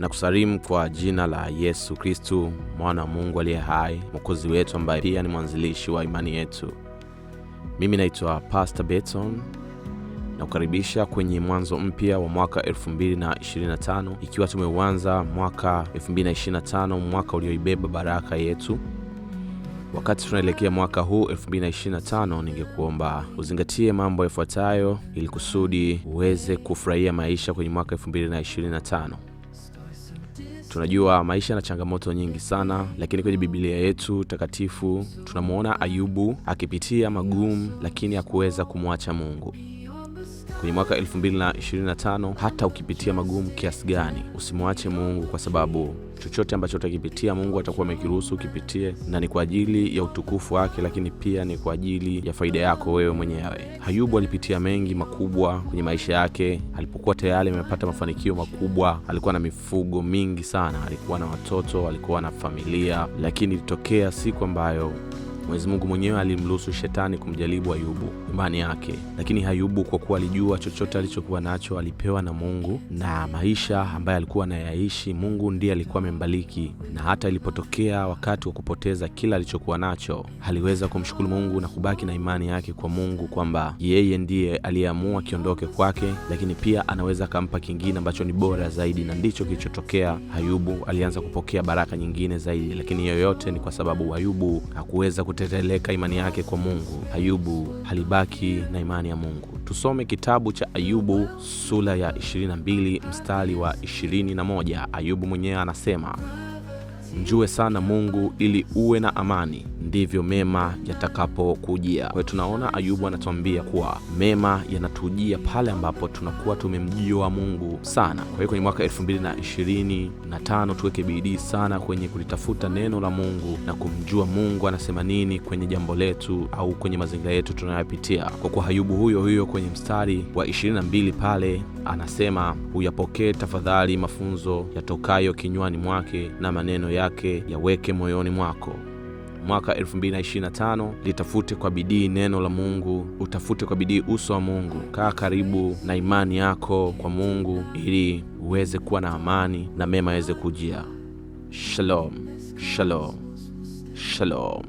na kusalimu kwa jina la Yesu Kristu, mwana wa Mungu aliye hai, mwokozi wetu, ambaye pia ni mwanzilishi wa imani yetu. Mimi naitwa Pastor beton na kukaribisha kwenye mwanzo mpya wa mwaka 225 ikiwa tumeuanza mwaka 225 mwaka ulioibeba baraka yetu. Wakati tunaelekea mwaka huu 225 ningekuomba uzingatie mambo yafuatayo ili kusudi uweze kufurahia maisha kwenye mwaka 225 Tunajua maisha na changamoto nyingi sana, lakini kwenye Biblia yetu takatifu tunamwona Ayubu akipitia magumu, lakini hakuweza kumwacha Mungu kwenye mwaka 2025, hata ukipitia magumu kiasi gani, usimwache Mungu kwa sababu chochote ambacho utakipitia Mungu atakuwa amekiruhusu ukipitie, na ni kwa ajili ya utukufu wake, lakini pia ni kwa ajili ya faida yako wewe mwenyewe. hayubu alipitia mengi makubwa kwenye maisha yake. Alipokuwa tayari amepata mafanikio makubwa, alikuwa na mifugo mingi sana, alikuwa na watoto, alikuwa na familia, lakini ilitokea siku ambayo Mwenyezi Mungu mwenyewe alimruhusu shetani kumjaribu Ayubu imani yake, lakini Ayubu kwa kuwa alijua chochote alichokuwa nacho alipewa na Mungu, na maisha ambayo alikuwa anayaishi Mungu ndiye alikuwa amembariki, na hata ilipotokea wakati wa kupoteza kila alichokuwa nacho aliweza kumshukuru Mungu na kubaki na imani yake kwa Mungu kwamba yeye ndiye aliyeamua kiondoke kwake, lakini pia anaweza akampa kingine ambacho ni bora zaidi, na ndicho kilichotokea. Ayubu alianza kupokea baraka nyingine zaidi, lakini yoyote ni kwa sababu Ayubu hakuweza kuteteleka imani yake kwa Mungu, Ayubu halibaki na imani ya Mungu. Tusome kitabu cha Ayubu sura ya 22 mstari wa 21. Ayubu mwenyewe anasema, mjue sana Mungu ili uwe na amani ndivyo mema yatakapokujia. Kwa hiyo tunaona Ayubu anatuambia kuwa mema yanatujia pale ambapo tunakuwa tumemjua Mungu sana. Kwa hiyo kwenye mwaka elfu mbili na ishirini na tano tuweke bidii sana kwenye kulitafuta neno la Mungu na kumjua Mungu anasema nini kwenye jambo letu au kwenye mazingira yetu tunayopitia. Kwa kuwa Ayubu huyo huyo kwenye mstari wa ishirini na mbili pale anasema uyapokee tafadhali mafunzo yatokayo kinywani mwake na maneno yake yaweke moyoni mwako mwaka 2025 litafute kwa bidii neno la Mungu, utafute kwa bidii uso wa Mungu, kaa karibu na imani yako kwa Mungu ili uweze kuwa na amani na mema yaweze kujia. Shalom, shalom, shalom.